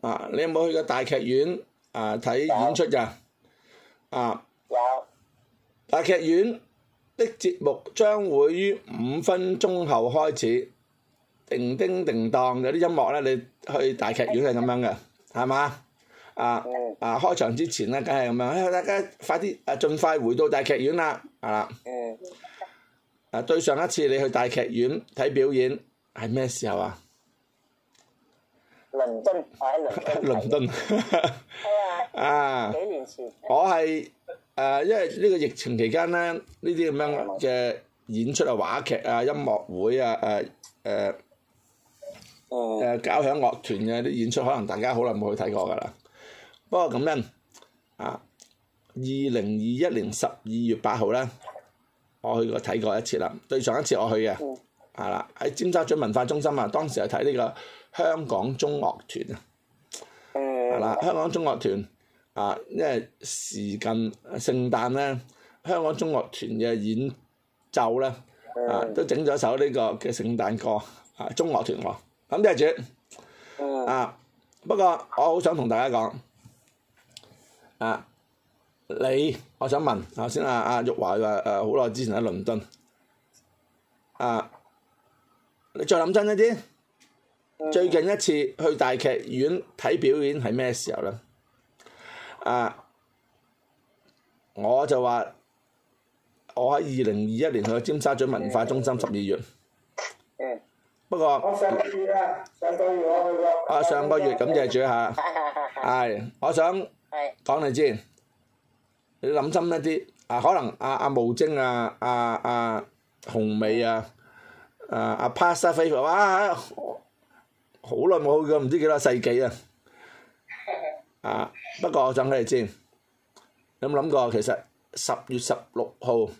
啊！你有冇去過大劇院啊？睇演出㗎啊！有大劇院的節目將會於五分鐘後開始，叮叮叮當有啲音樂咧。你去大劇院係咁樣嘅，係嘛？啊啊，啊！開場之前咧，梗係咁樣、哎，大家快啲啊，盡快回到大劇院啦，係啦。啊！對上一次你去大劇院睇表演係咩時候啊？倫敦，我喺倫敦。倫敦，係啊，啊，幾年前，我係誒，因為呢個疫情期間咧，呢啲咁樣嘅演出啊、話劇啊、音樂會啊、誒誒誒交響樂團嘅啲演出，可能大家好耐冇去睇過㗎啦。不過咁樣啊，二零二一年十二月八號咧，我去過睇過一次啦。對上一次我去嘅，係啦、嗯，喺尖沙咀文化中心啊，當時係睇呢個。香港中樂團、嗯、啊，係啦，香港中樂團啊，因為時近聖誕咧，香港中樂團嘅演奏咧啊，都整咗首呢個嘅聖誕歌啊，中樂團樂，咁即係住啊，不過我好想同大家講啊，你我想問頭先啊阿玉華話誒好耐之前喺倫敦啊，你再諗真一啲。最近一次去大劇院睇表演係咩時候咧？啊，我就話我喺二零二一年去尖沙咀文化中心十二月。不過。我上個月啊，上個月我去過、啊。上個月咁就係最後。係係 我想講你知，你諗深一啲。啊，可能阿阿毛晶啊、阿、啊、阿、啊、紅美啊、啊阿帕莎菲華哇。啊啊。好耐冇去過，唔知幾多世紀啊！啊，不過我想你哋知。有冇諗過其實十月十六號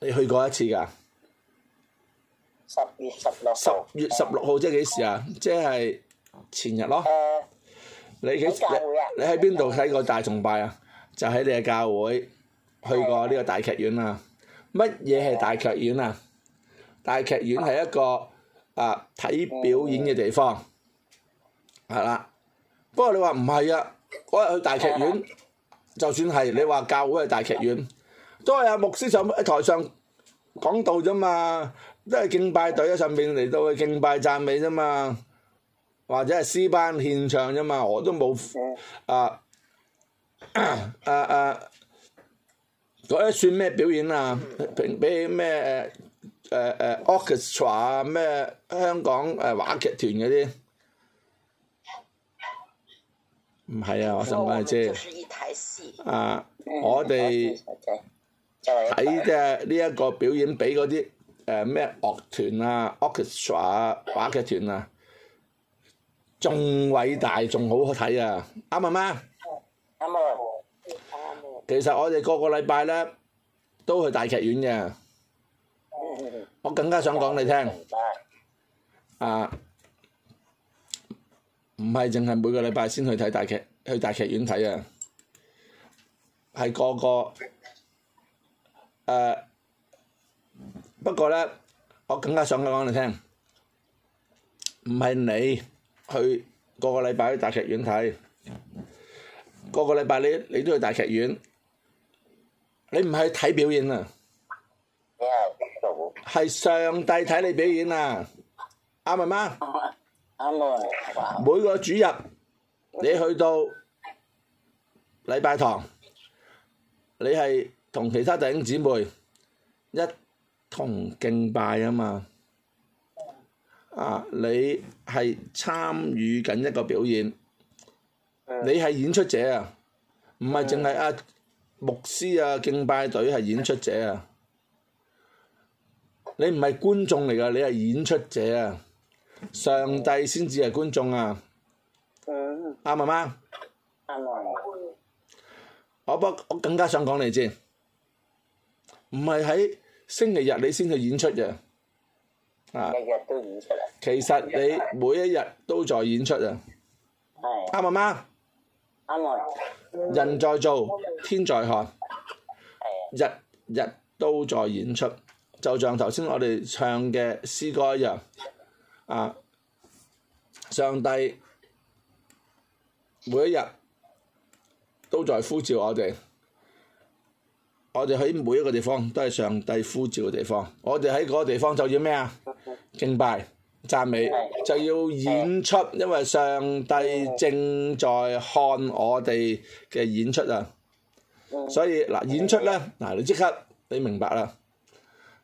你去過一次㗎？十月十六號。十月十六號即係幾時啊？即係前日咯。誒。你幾？你喺邊度睇過大崇拜啊？就喺你嘅教會去過呢個大劇院啊？乜嘢係大劇院啊？大劇院係一個。啊！睇表演嘅地方係啦，不過你話唔係啊？嗰日去大劇院，就算係你話教會係大劇院，都係阿牧師上喺台上講道啫嘛，都係敬拜隊喺上面嚟到去敬拜讚美啫嘛，或者係詩班獻唱啫嘛，我都冇啊啊啊！嗰啲算咩表演啊？評比咩？誒誒，orchestra 啊，咩香港誒話劇團嗰啲，唔係啊，我想講下先。啊，我哋睇即係呢一個表演，比嗰啲誒咩樂團啊、orchestra 啊、話劇團啊，仲偉大，仲好睇啊，啱唔啱？啱啊，啱啊。其實我哋個個禮拜咧，都去大劇院嘅。我更加想講你聽，啊，唔係淨係每個禮拜先去睇大劇，去大劇院睇啊，係個個，誒，不過咧，我更加想講你聽，唔係你去個個禮拜去大劇院睇，個個禮拜你你都去大劇院，你唔係去睇表演啊！係上帝睇你表演啊，啱唔啱？啱啊！每個主日，你去到禮拜堂，你係同其他弟兄姊妹一同敬拜啊嘛。啊，你係參與緊一個表演，你係演出者啊，唔係淨係阿牧師啊，敬拜隊係演出者啊。你唔係觀眾嚟噶，你係演出者啊！上帝先至係觀眾啊！嗯，啱唔啱？嗯、我不我更加想講你知，唔係喺星期日你先去演出嘅，啊，日日都演出，其實你每一日都在演出啊！係啱唔啱？啱啊！嗯、人在做，嗯、天在看，嗯、日日都在演出。就像頭先我哋唱嘅詩歌一樣，啊！上帝每一日都在呼召我哋，我哋喺每一個地方都係上帝呼召嘅地方。我哋喺嗰個地方就要咩啊？敬拜讚美，就要演出，因為上帝正在看我哋嘅演出啊！所以嗱，演出咧，嗱你即刻你明白啦。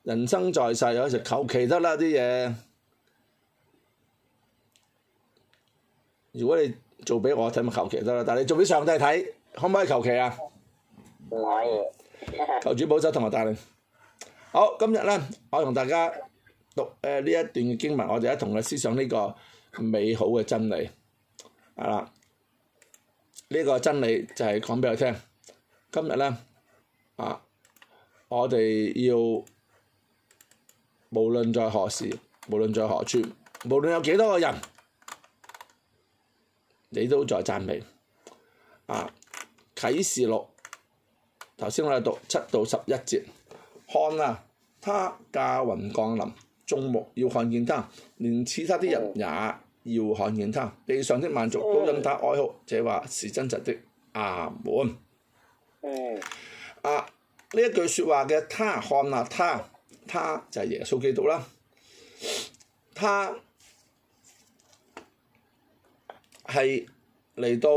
人生在世，有時求其得啦啲嘢。如果你做俾我睇，咪求其得啦。但係你做俾上帝睇，可唔可以求其啊？唔可以。求主保守同埋帶領。好，今日咧，我同大家讀誒呢一段經文，我哋一同嘅思想呢個美好嘅真理。係啦，呢個真理就係講俾我聽。今日咧，啊，我哋要。無論在何時，無論在何處，無論有幾多個人，你都在讚美。啊，《啟示錄》頭先我哋讀七到十一節，看、嗯、啊，他駕雲降臨，眾目要看見他，連刺他的人也要看見他，地上的萬族都因他哀哭，這話是真實的。阿門。啊，呢一句説話嘅他，看啊他。他就係耶穌基督啦，他係嚟到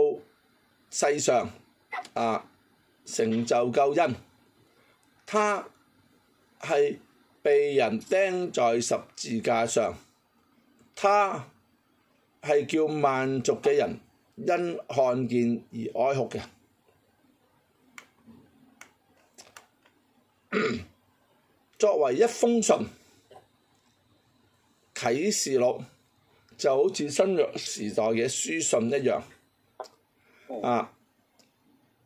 世上啊，成就救恩。他係被人釘在十字架上，他係叫萬族嘅人因看見而哀哭嘅。 作為一封信，啟示錄，就好似新約時代嘅書信一樣，啊，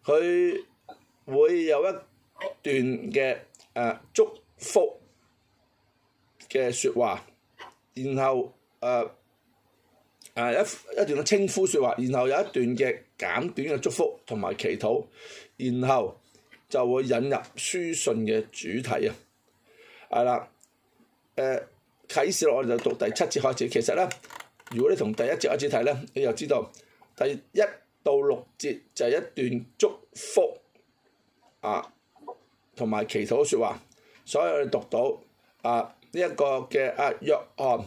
佢會有一段嘅誒、啊、祝福嘅説話，然後誒誒、啊、一一段嘅稱呼説話，然後有一段嘅簡短嘅祝福同埋祈禱，然後就會引入書信嘅主題啊！係啦，誒，啟、呃、示我哋就讀第七節開始。其實咧，如果你從第一節開始睇咧，你就知道第一到六節就係一段祝福啊，同埋祈禱説話。所以我哋讀到啊，呢、這、一個嘅啊約翰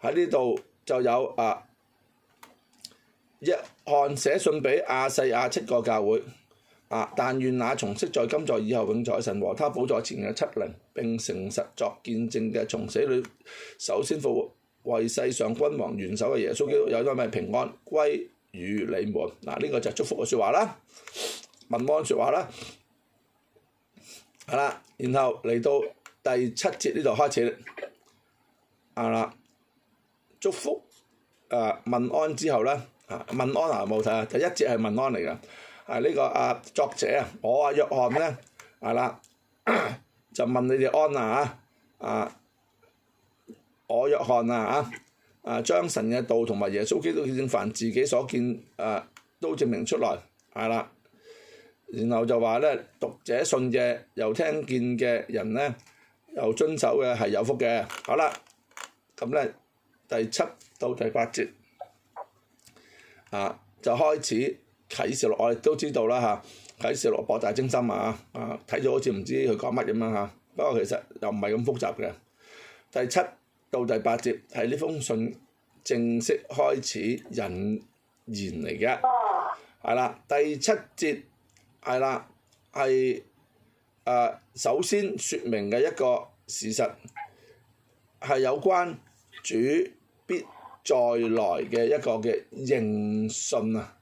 喺呢度就有啊，約翰寫、 啊、信俾亞細亞七個教會。啊！但願那從昔在今在以後永在神和他寶座前嘅七靈並誠實作見證嘅從死裏首先復活為世上君王元首嘅耶穌基督，有咗咩平安歸與你們嗱，呢個就祝福嘅説話啦，問安説話啦，係啦，然後嚟到第七節呢度開始啦，啊啦，祝福啊問安之後咧，啊問安啊冇睇啊，第一節係問安嚟㗎。係呢、呢個啊作者啊，我啊約翰咧係啦，就問你哋安啊嚇，啊我約翰啊啊，啊將神嘅道同埋耶穌基督都正凡自己所見誒、啊、都證明出來，係啦、啊，然後就話咧讀者信嘅又聽見嘅人咧，又遵守嘅係有福嘅，好啦，咁、啊、咧第七到第八節啊就開始。啟示錄我哋都知道啦嚇，啟示錄博大精深啊！啊，睇咗好似唔知佢講乜咁樣嚇，不過其實又唔係咁複雜嘅。第七到第八節係呢封信正式開始引言嚟嘅，係啦，第七節係啦，係誒首先説明嘅一個事實係有關主必再來嘅一個嘅認信啊！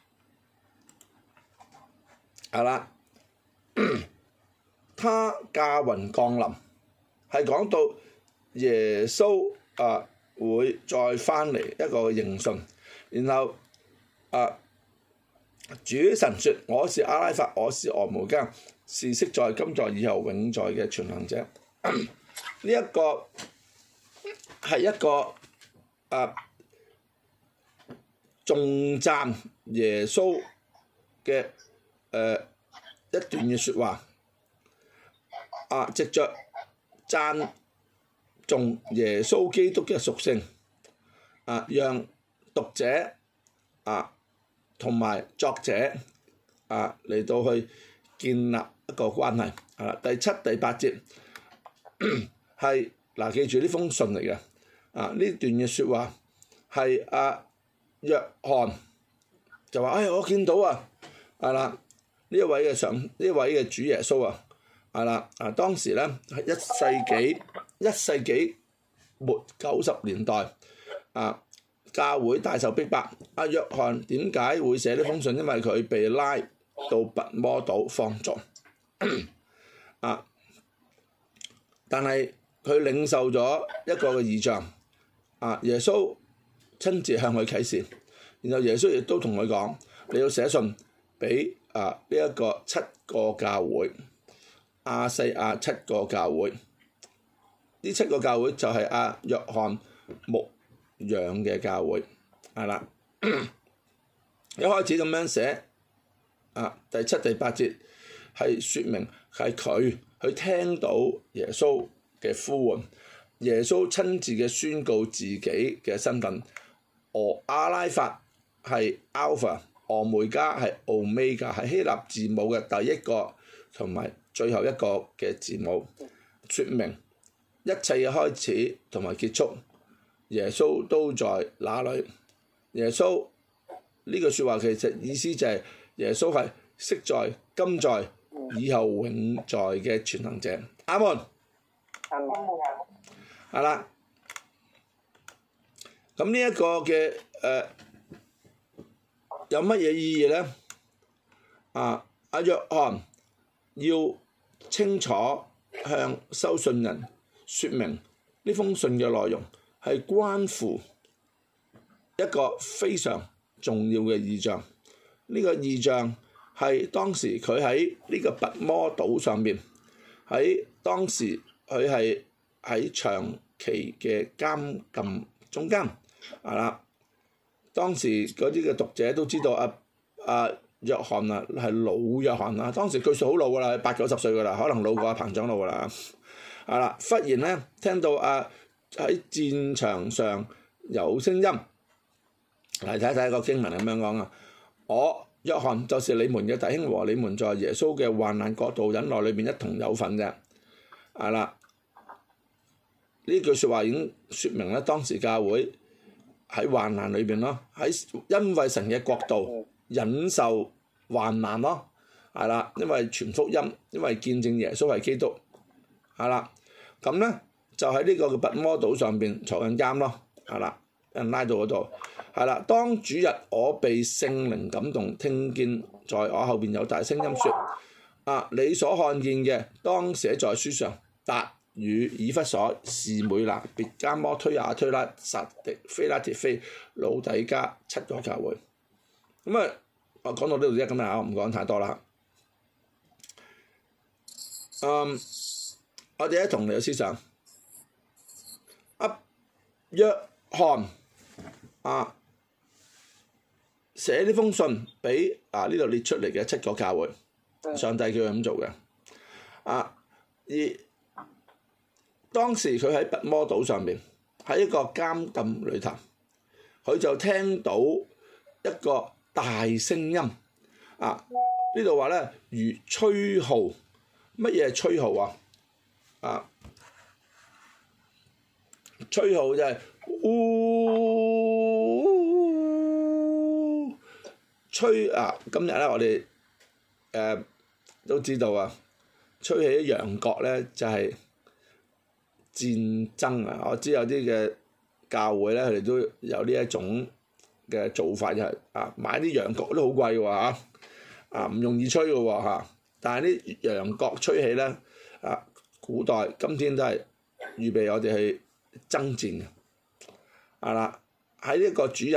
係啦，他駕雲降臨係講到耶穌啊會再翻嚟一個認信，然後啊主神說我是阿拉法我是俄梅戛是昔在今在以後永在嘅全能者，呢一個係一個啊重讚耶穌嘅。誒一段嘅説話，啊，藉著讚頌耶穌基督嘅屬性，啊，讓讀者啊同埋作者啊嚟到去建立一個關係，係啦，第七、第八節係嗱，記住呢封信嚟嘅，啊，呢段嘅説話係阿約翰就話，誒，我見到啊，係啦。呢一位嘅上，呢一位嘅主耶穌啊，係啦，啊，當時咧係一世紀一世紀末九十年代，啊教會大受逼迫，阿約翰點解會寫呢封信？因為佢被拉到拔摩島放逐，啊！但係佢領受咗一個嘅異象，啊耶穌親自向佢啟示，然後耶穌亦都同佢講，你要寫信俾。啊！呢、這、一個七個教會，亞、啊、西亞七個教會，呢七個教會就係阿、啊、約翰牧養嘅教會，係啦。 一開始咁樣寫，啊，第七第八節係説明係佢佢聽到耶穌嘅呼喚，耶穌親自嘅宣告自己嘅身份，哦，阿拉法係 Alpha。俄梅加係奧美噶，係希臘字母嘅第一個同埋最後一個嘅字母，説明一切嘅開始同埋結束，耶穌都在那裡。耶穌呢句説話其實意思就係、是、耶穌係昔在、今在、以後永在嘅全能者，阿門。阿門啊！係啦，咁呢一個嘅誒。呃有乜嘢意義咧？啊，阿約翰要清楚向收信人説明呢封信嘅內容，係關乎一個非常重要嘅異象。呢個異象係當時佢喺呢個拔摩島上面，喺當時佢係喺長期嘅監禁中間，係啦。當時嗰啲嘅讀者都知道啊，啊，約翰啊係老約翰啦，啊。當時據說好老㗎啦，八九十歲㗎啦，可能老過阿彭長老㗎啦。係啦，忽然咧聽到啊喺戰場上有聲音，嚟睇睇個經文係點樣講啊？我約翰就是你們嘅弟兄，和你們在耶穌嘅患難國度忍耐裏面一同有份嘅。係啦，呢句説話已經説明咧當時教會。喺患難裏邊咯，喺因為神嘅國度忍受患難咯，係啦，因為傳福音，因為見證耶穌係基督，係啦，咁咧就喺呢個拔摩島上邊坐緊監咯，係啦，俾人拉到嗰度，係啦，當主日我被聖靈感動，聽見在我後邊有大聲音說，啊，你所看見嘅當寫在書上，答。與以弗所、士每拿、別加摩推亞、推拉、撒狄、非拉鐵非、老底加七個教會，咁啊，我講到呢度啫，咁啊，唔講太多啦。嗯，我哋喺同理嘅思想，阿約翰啊，寫呢封信俾啊呢度列出嚟嘅七個教會，上帝叫佢咁做嘅啊而。當時佢喺拔摩島上面，喺一個監禁裏頭，佢就聽到一個大聲音，啊！呢度話咧如吹號，乜嘢係吹號啊？啊！吹號就係，嗚，吹啊！今日咧我哋誒都知道啊，吹起羊角咧就係。戰爭啊！我知有啲嘅教會咧，佢哋都有呢一種嘅做法，就係，就係啊買啲羊角都好貴喎，啊唔容易吹嘅喎，但係啲羊角吹起咧啊，古代、今天都係預備我哋去爭戰嘅，啊啦喺呢個主日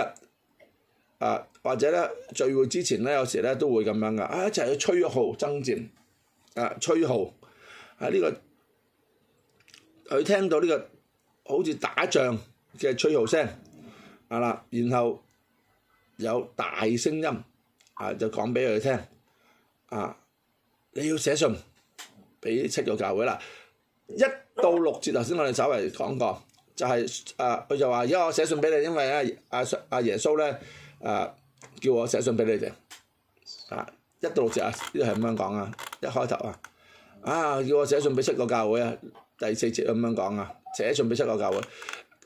啊或者咧聚會之前咧，有時咧都會咁樣嘅，啊一齊去吹號爭戰啊吹號喺呢、呢個。佢聽到呢個好似打仗嘅吹號聲，啊啦，然後有大聲音，啊就講俾佢聽，啊你要寫信俾七個教會啦，一到六節頭先我哋稍微講過，就係啊佢就話：，而家我寫信俾你，因為阿阿阿耶穌咧，誒叫我寫信俾你哋，啊一到六節啊，呢係咁樣講啊，一開頭啊，啊叫我寫信俾七個教會啊。第四節咁樣講啊，寫信俾七個教會，誒、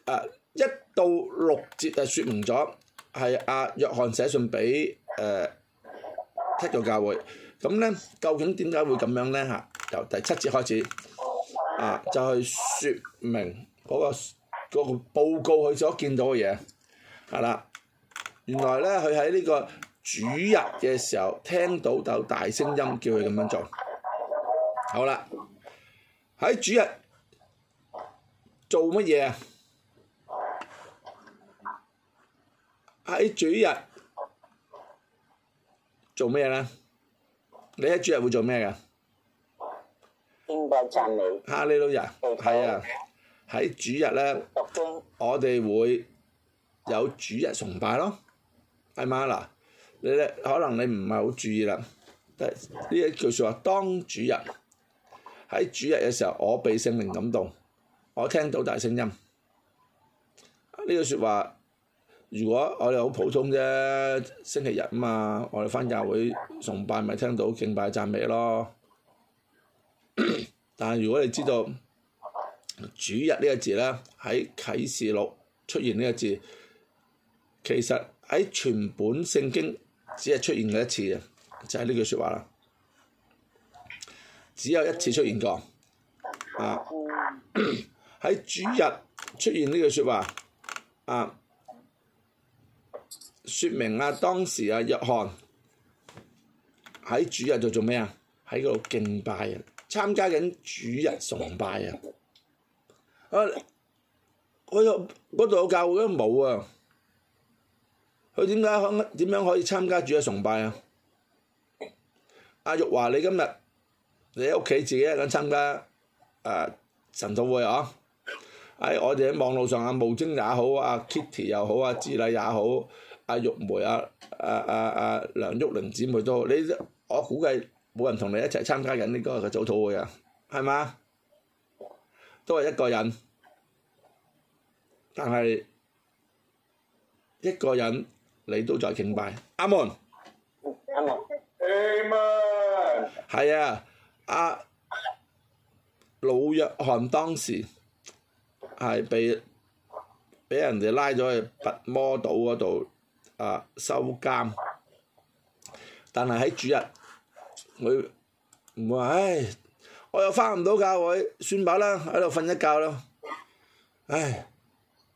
啊、一到六節誒説明咗，係阿、啊、約翰寫信俾誒、呃、七個教會，咁咧究竟點解會咁樣咧嚇？由第七節開始，啊就係、是、説明嗰、那個嗰、那個、報告佢所見到嘅嘢，係啦，原來咧佢喺呢個主日嘅時候聽到就大聲音叫佢咁樣做，好啦，喺主日。做乜嘢啊？喺主日做咩咧？你喺主日會做咩噶？邊個讚美哈利路亞？係啊，喺主日咧，我哋會有主日崇拜咯。係咪啊？嗱，你咧可能你唔係好注意啦。但係呢一句説話，當主日喺主日嘅時候，我被聖靈感動。我聽到大聲音，呢句説話，如果我哋好普通啫，星期日啊嘛，我哋翻教會，崇拜咪聽到敬拜讚美咯。 但係如果你知道主日呢個字咧，喺啟示錄出現呢個字，其實喺全本聖經只係出現過一次嘅，就係、是、呢句説話啦。只有一次出現過，啊。 喺主日出現呢句説話，啊，説明啊當時啊約翰喺主日做在做咩啊？喺嗰度敬拜啊，參加緊主日崇拜啊！啊，嗰度度教會都冇啊，佢點解點樣可以參加主日崇拜啊？阿、啊、玉華，你今日你喺屋企自己一個人參加誒、啊、神道會哦、啊？喺我哋喺網絡上啊，無精也好啊，Kitty 又好啊，志禮也好，阿玉梅阿阿阿阿梁玉玲姊妹都好，你我估計冇人同你一齊參加緊呢個嘅早禱會啊，係嘛？都係一個人，但係一個人你都在敬拜，阿門，阿門，阿門，係啊，阿老約翰當時，係被俾人哋拉咗去拔摩島嗰度啊收監，但係喺主日，佢唔會話唉，我又翻唔到教會，算吧啦，喺度瞓一覺咯。唉，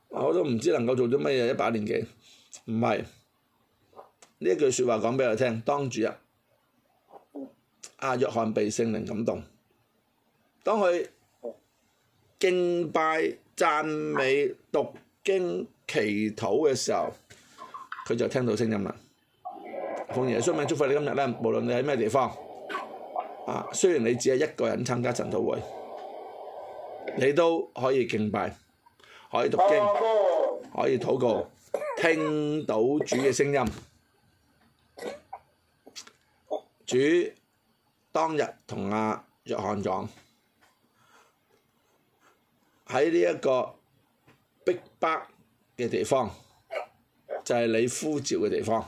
我都唔知能夠做啲乜嘢，一把年紀，唔係呢一句説話講俾我聽。當主日，啊，約翰被聖靈感動，當佢敬拜、讚美讀經祈禱嘅時候，佢就聽到聲音啦。奉耶穌名祝福你今日咧，無論你喺咩地方，啊，雖然你只係一個人參加晨禱會，你都可以敬拜，可以讀經，可以禱告，聽到主嘅聲音。主當日同阿約翰講。喺呢一個逼迫嘅地方，就係、是、你呼召嘅地方。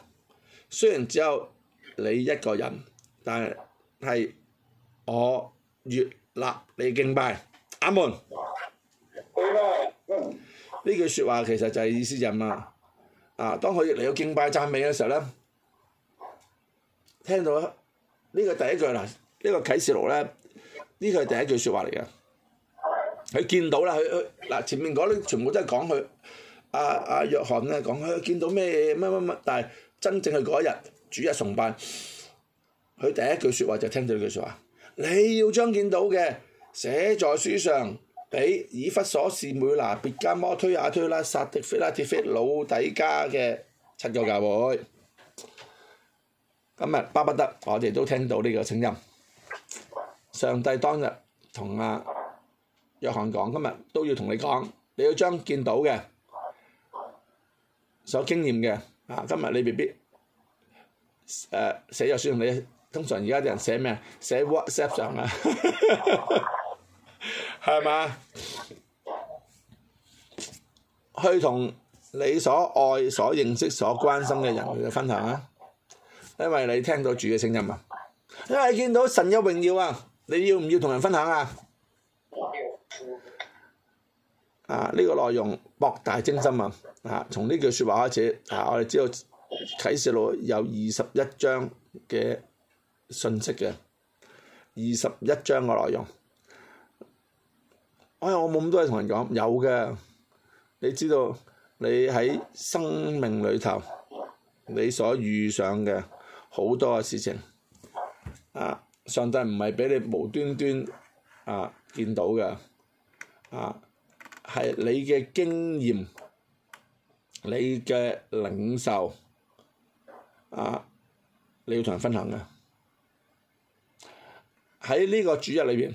雖然只有你一個人，但係係我越立你敬拜，阿門。呢句説話其實就係意思就係嘛，啊！當佢越嚟越敬拜讚美嘅時候咧，聽到呢個第一句嗱，這個、啟呢、這個啟示錄咧，呢個係第一句説話嚟嘅。佢見到啦，佢佢，嗱前面嗰啲全部都係講佢阿阿約翰啊，講佢見到咩乜乜乜，但係真正係嗰一日主日崇拜，佢第一句説話就聽到呢句説話，你要將見到嘅寫在書上，俾以弗所、士每拿、別迦摩、推雅推喇、撒狄、非拉鐵非、老底嘉嘅七個教會。今日巴不得我哋都聽到呢個聲音，上帝當日同阿。約翰講，今日都要同你講，你要將見到嘅，所經驗嘅，啊，今日你 B B，誒寫咗書同你，通常而家啲人寫咩啊？寫 WhatsApp 上啊，係嘛？去同你所愛、所認識、所關心嘅人去分享啊，因為你聽到主嘅聲音啊，因為你見到神有榮耀啊，你要唔要同人分享啊？啊！呢個內容博大精深啊！啊，從呢句説話開始，啊，我哋知道啟示錄有二十一章嘅信息嘅，二十一章嘅內容。哎，我冇咁多嘢同人講，有嘅。你知道你喺生命裏頭，你所遇上嘅好多嘅事情，啊！上帝唔係俾你無端端啊見到嘅，啊！係你嘅經驗，你嘅領袖，啊，你要同人分享嘅。喺呢個主日裏邊，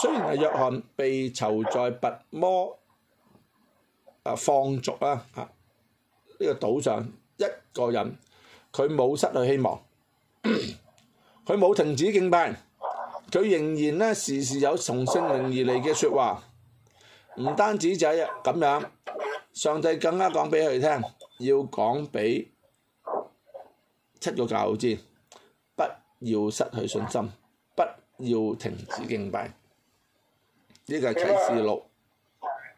雖然係約翰被囚在拔摩，啊，放逐啦，啊，呢個島上一個人，佢冇失去希望，佢冇停止敬拜，佢仍然咧，時時有從聖靈而嚟嘅説話。唔單止就係咁樣，上帝更加講俾佢哋聽，要講俾七個教會知，不要失去信心，不要停止敬拜。呢個係啟示錄，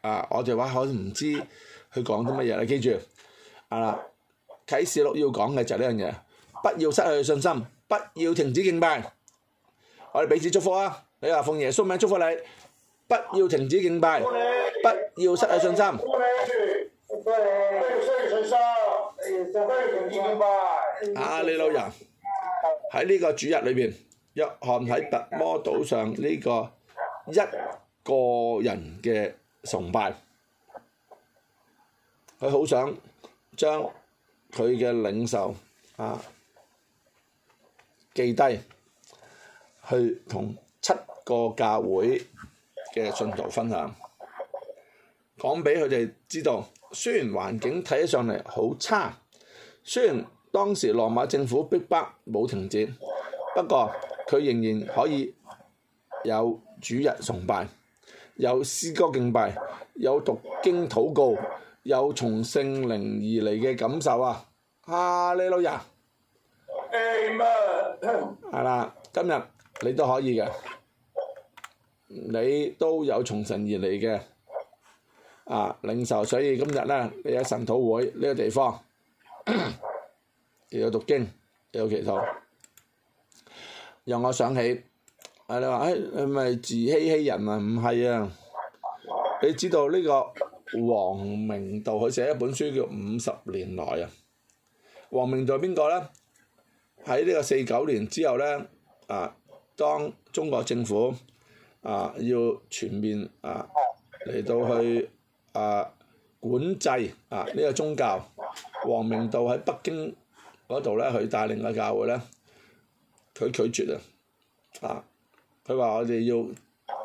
啊，我哋話可能唔知佢講啲乜嘢，你記住，啊啦，啟示錄要講嘅就係呢樣嘢，不要失去信心，不要停止敬拜。我哋彼此祝福啊，你話奉耶穌名祝福你。不要停止敬拜，不要失去信心。啊，你老人喺呢個主日裏邊，約翰喺特魔島拔摩島上呢個一個人嘅崇拜，佢好想將佢嘅領受啊記低，去同七個教會嘅信徒分享，講俾佢哋知道，雖然環境睇起上嚟好差，雖然當時羅馬政府逼迫冇停止，不過佢仍然可以有主日崇拜，有詩歌敬拜，有讀經禱告，有從聖靈而嚟嘅感受啊！啊，你老人家，Amen 係啦，今日你都可以嘅。你都有從神而嚟嘅，啊領受，所以今日咧，你喺神土會呢個地方又有讀經又有祈禱，讓我想起，誒、啊、你話誒、哎、係咪自欺欺人啊？唔係啊，你知道呢個王明道佢寫一本書叫《五十年來》啊，王明道邊個咧？喺呢個四九年之後咧，啊當中國政府。啊！要全面啊，嚟到去啊管制啊呢個宗教。王明道喺北京嗰度咧，佢帶領嘅教會咧，佢拒絕啊！啊，佢話我哋要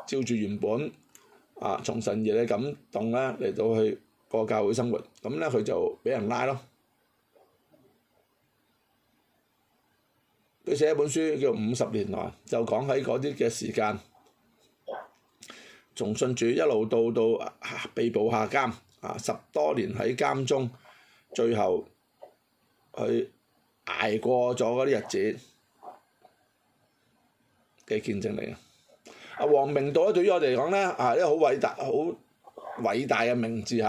照住原本啊，從神而嚟嘅感動咧，嚟到去過教會生活。咁咧，佢就俾人拉咯。佢寫一本書叫《五十年來》，就講喺嗰啲嘅時間。從信主一路到到被捕下監啊，十多年喺監中，最後佢捱過咗嗰啲日子嘅見證嚟嘅。阿王明道咧，對於我哋嚟講咧，啊，一個好偉大、好偉大嘅名字嚇，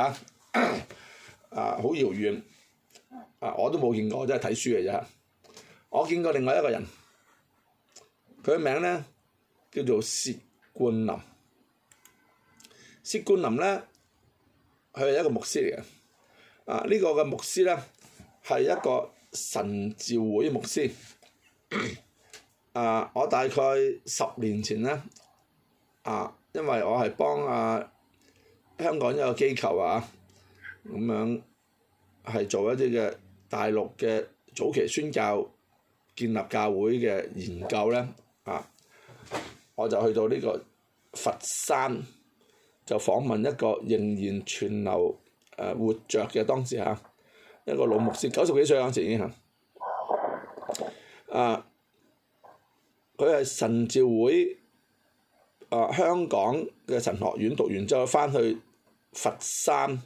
啊，好遙遠，啊，我都冇見過，我真係睇書嚟啫。我見過另外一個人，佢嘅名咧叫做薛冠林。薛冠林咧，佢係一個牧師嚟嘅，啊，呢個嘅牧師咧係一個神召會牧師，啊，我大概十年前咧，啊，因為我係幫啊香港一個機構啊，咁樣係做一啲嘅大陸嘅早期宣教建立教會嘅研究咧，啊，我就去到呢個佛山。就訪問一個仍然存留誒活着嘅當時啊，一個老牧師，九十幾歲嗰時已經啊，佢係神召會啊香港嘅神學院讀完之後翻去佛山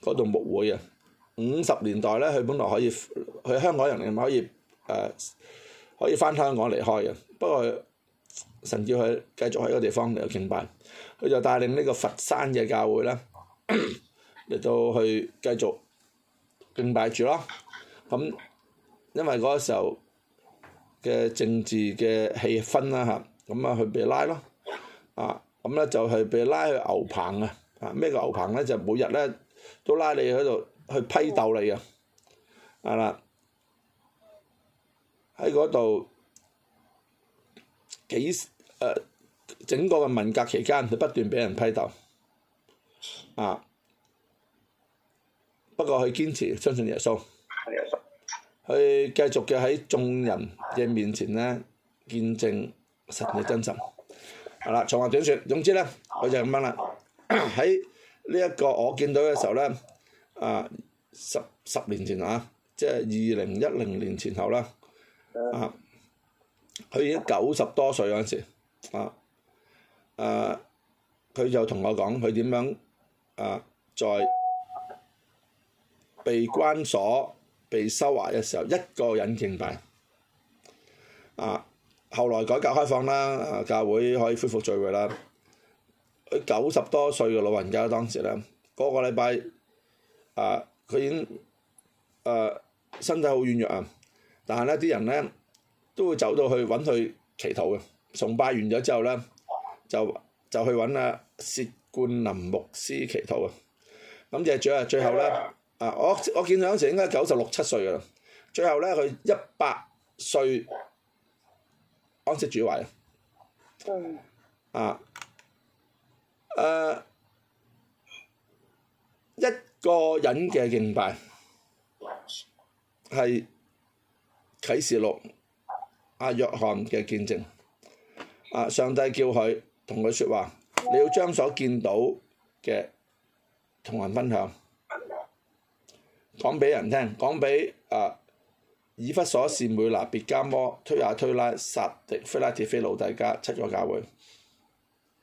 嗰度牧會嘅，五十年代咧佢本來可以去香港，人係咪可以誒、啊、可以翻香港離開嘅，不過。甚至佢繼續喺一個地方嚟到敬拜，佢就帶領呢個佛山嘅教會啦，嚟到 去繼續敬拜住咯。咁因為嗰個時候嘅政治嘅氣氛啦嚇，咁啊佢被拉咯，啊咁咧、啊啊啊啊、就係被拉去牛棚啊，啊咩叫牛棚咧就係、每日咧都拉你喺度去批鬥你嘅，啊啦喺嗰度。幾誒整個嘅文革期間，佢不斷俾人批鬥，啊！不過佢堅持相信耶穌，去繼續嘅喺眾人嘅面前咧見證神嘅真實，係啦，長話短説，總之咧，佢就咁樣啦。喺呢一個我見到嘅時候咧，啊十十年前啊，即係二零一零年前後啦，啊。佢已經九十多歲嗰陣時，啊，誒、啊，佢就同我講佢點樣，啊，在被關鎖、被收押嘅時候，一個人敬拜，啊，後來改革開放啦，啊，教會可以恢復聚會啦，佢九十多歲嘅老人家當時咧，嗰、那個禮拜，啊，佢已經，誒、啊，身體好軟弱啊，但係咧，啲人咧，都會走到去揾佢祈禱嘅，崇拜完咗之後咧，就就去揾阿薛冠林牧師祈禱啊。咁就係最啊最後咧，啊我我見佢嗰陣時應該九十六七歲噶啦。最後咧，佢一百歲安息主懷啊。啊，誒，一個人嘅敬拜係啟示錄。阿、啊、約翰嘅見證，啊上帝叫佢同佢説話，你要將所見到嘅同人分享，講俾人聽，講俾啊以弗所、士每拿、別迦摩、推雅推喇、撒狄、非拉鐵非、老底嘉七個教會，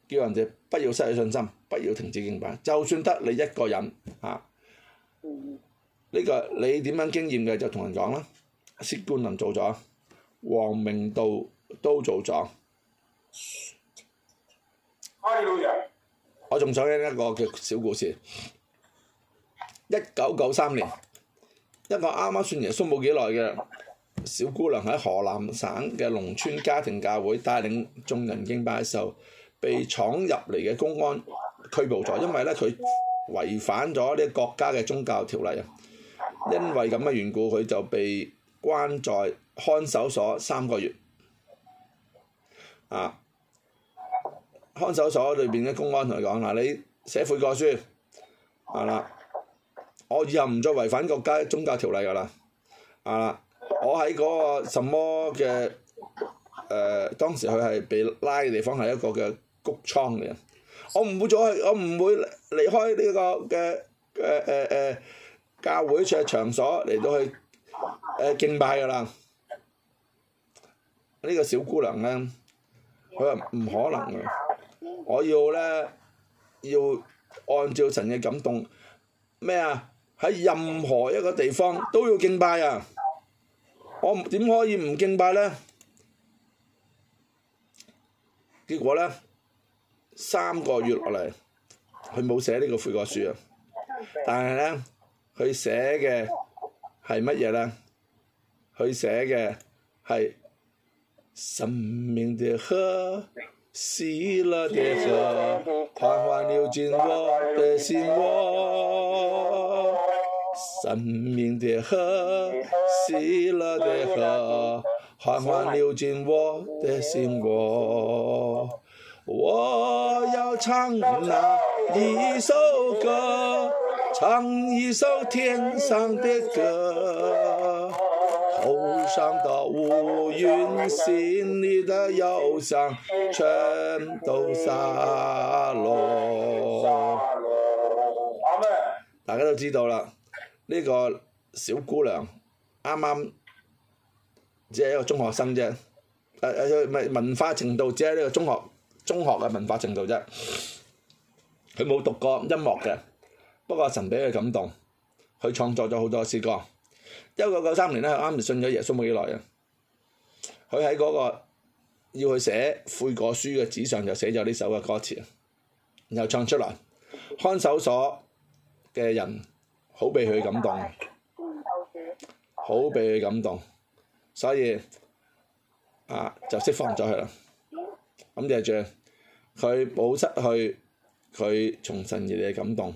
叫人哋不要失去信心，不要停止敬拜，就算得你一個人嚇，呢、啊這個你點樣經驗嘅就同人講啦，薛冠林做咗。黃明道都做咗，我仲想起一個嘅小故事。一九九三年，一個啱啱信耶穌冇幾耐嘅小姑娘喺河南省嘅農村家庭教會帶領眾人敬拜嘅時候被闖入嚟嘅公安拘捕咗，因為咧佢違反咗呢國家嘅宗教條例啊，因為咁嘅緣故，佢就被。關在看守所三個月，啊！看守所裏邊嘅公安同佢講啦：你寫悔過書，啊啦！我以後唔再違反國家宗教條例噶啦，啊啦！我喺嗰個什麼嘅誒，當時佢係被拉嘅地方係一個嘅谷倉嚟嘅，我唔會再去，我唔會離開呢個嘅誒誒誒教會嘅場所嚟到去。誒，敬拜㗎喇！呢個小姑娘咧，佢話唔可能嘅，我要咧要按照神嘅感動，咩啊？喺任何一個地方都要敬拜啊！我點可以唔敬拜咧？結果咧，三個月落嚟，佢冇寫呢個悔過書啊！但係咧，佢寫嘅。係乜嘢呢？佢寫嘅係生命的河，喜樂的河，緩緩流進我的心窩。生命的河，喜樂的河，緩緩流進我的心窩。我要唱那一首歌？唱一首天上的歌，頭上的烏雲，心裏的憂傷，全都灑落。大家都知道啦，呢、這個小姑娘，啱啱只係一個中學生啫、啊，文化程度只係呢個中學中學嘅文化程度啫，佢冇讀過音樂嘅。不過神俾佢感動，佢創作咗好多詩歌。一九九三年咧，啱啱信咗耶穌冇幾耐啊！佢喺嗰個要去寫悔過書嘅紙上就寫咗呢首嘅歌詞，然後唱出嚟。看守所嘅人好被佢感動，好被佢感動，所以啊就釋放咗佢啦。咁就最佢冇失去，佢從神而嚟嘅感動。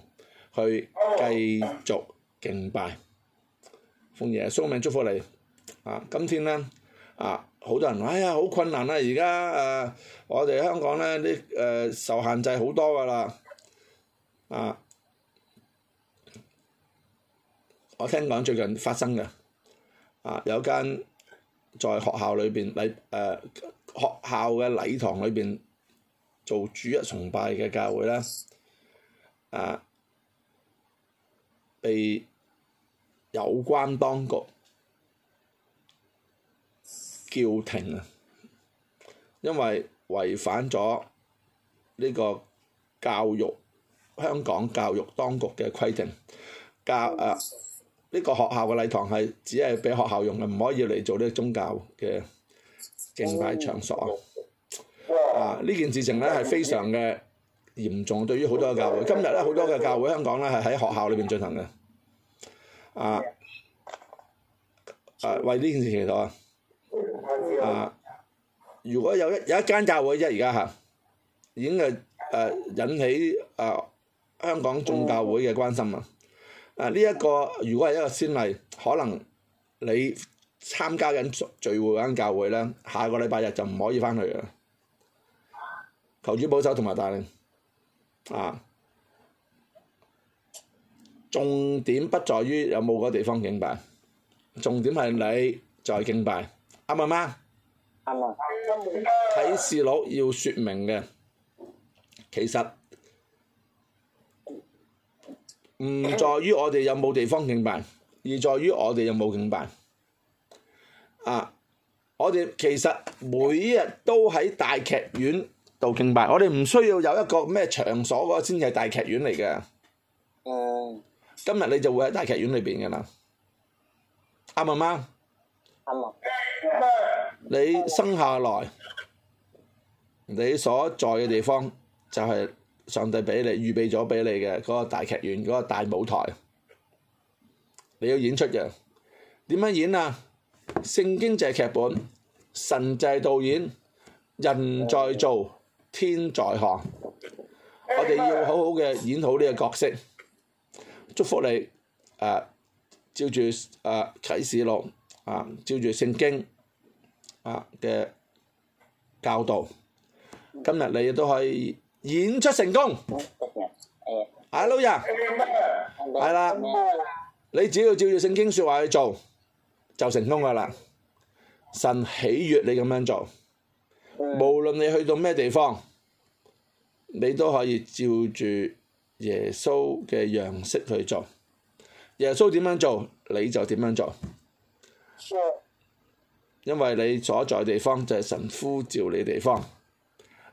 去繼續敬拜，奉耶穌名祝福你啊！今天咧啊，好多人話，哎呀，好困難啦！而家誒，我哋香港咧啲誒受限制好多㗎啦啊！我聽講最近發生嘅啊，有間在學校裏邊禮誒學校嘅禮堂裏邊做主日崇拜嘅教會咧啊！被有關當局叫停啊，因為違反咗呢個教育香港教育當局嘅規定，教啊呢個學校嘅禮堂係只係俾學校用嘅，唔可以嚟做呢個宗教嘅敬拜場所啊！呢件事情咧係非常嘅嚴重，對於好多嘅教會，今日咧好多嘅教會香港咧係喺學校裏邊進行嘅。啊！啊，為呢件事其實啊！啊！如果有一有一間教會啫，而家嚇已經係誒、啊、引起誒、啊、香港眾教會嘅關心啊！誒呢一個如果係一個先例，可能你參加緊聚會嗰間教會咧，下個禮拜日就唔可以翻去嘅。求主保守同埋帶領啊！重點不在於有冇個地方敬拜，重點係你在敬拜，啱唔啱？啱啊！啟示錄要説明嘅，其實唔在於我哋有冇地方敬拜，而在於我哋有冇敬拜。啊！我哋其實每日都喺大劇院度敬拜，我哋唔需要有一個咩場所嗰個先係大劇院嚟嘅。哦。今日你就會喺大劇院裏邊嘅啦，啱唔啱？你生下來，你所在嘅地方就係上帝俾你預備咗俾你嘅嗰個大劇院、嗰個大舞台，你要演出嘅。點樣演啊？聖經就係劇本，神就係導演，人在做，天在看。我哋要好好嘅演好呢個角色。祝福你，誒、啊，照住誒、啊、啟示錄，啊，照住聖經啊嘅教導，嗯、今日你都可以演出成功。阿老爺，係啦，你只要照住聖經説話去做，就成功噶啦。嗯、神喜悅你咁樣做，嗯、無論你去到咩地方，你都可以照住。耶穌嘅樣式去做，耶穌點樣做你就點樣做，因為你所在地方就係神呼召你地方，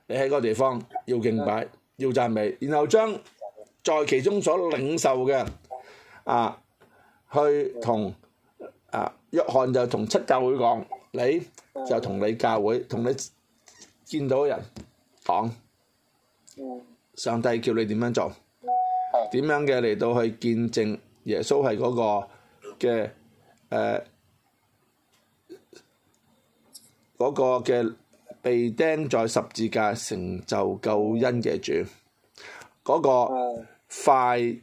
你喺嗰個地方要敬拜要讚美，然後將在其中所領受嘅啊，去同啊約翰就同七教會講，你就同你教會同你見到人講，上帝叫你點樣做。點樣嘅嚟到去見證耶穌係個嘅誒、呃嗰個嘅被釘在十字架成就救恩嘅主，嗰個快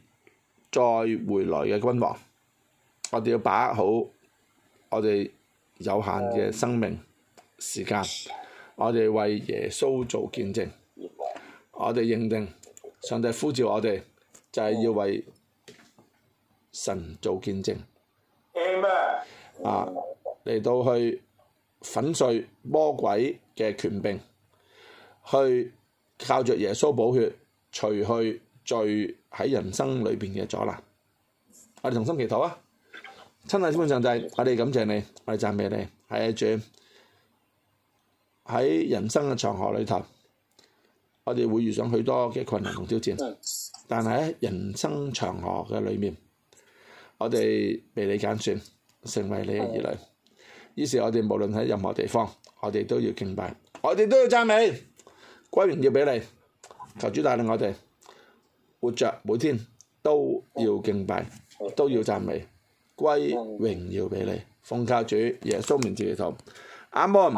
再回來嘅君王，我哋要把握好我哋有限嘅生命時間，我哋為耶穌做見證，我哋認定上帝呼召我哋。就係要為神做見證，嗯、啊！嚟到去粉碎魔鬼嘅權柄，去靠著耶穌寶血除去罪喺人生裏邊嘅阻攔。我哋同心祈禱啊！親愛上帝，基本上就係我哋感謝你，我哋讚美你，喺主喺人生嘅長河裏頭，我哋會遇上許多嘅困難同挑戰。但係喺人生長河嘅裏面，我哋被你揀選，成為你嘅兒女。於是，我哋無論喺任何地方，我哋都要敬拜，我哋都要讚美，歸榮耀俾你。求主帶領我哋，活着，每天都要敬拜，都要讚美，歸榮耀俾你。奉靠主耶穌名主耶穌，阿門。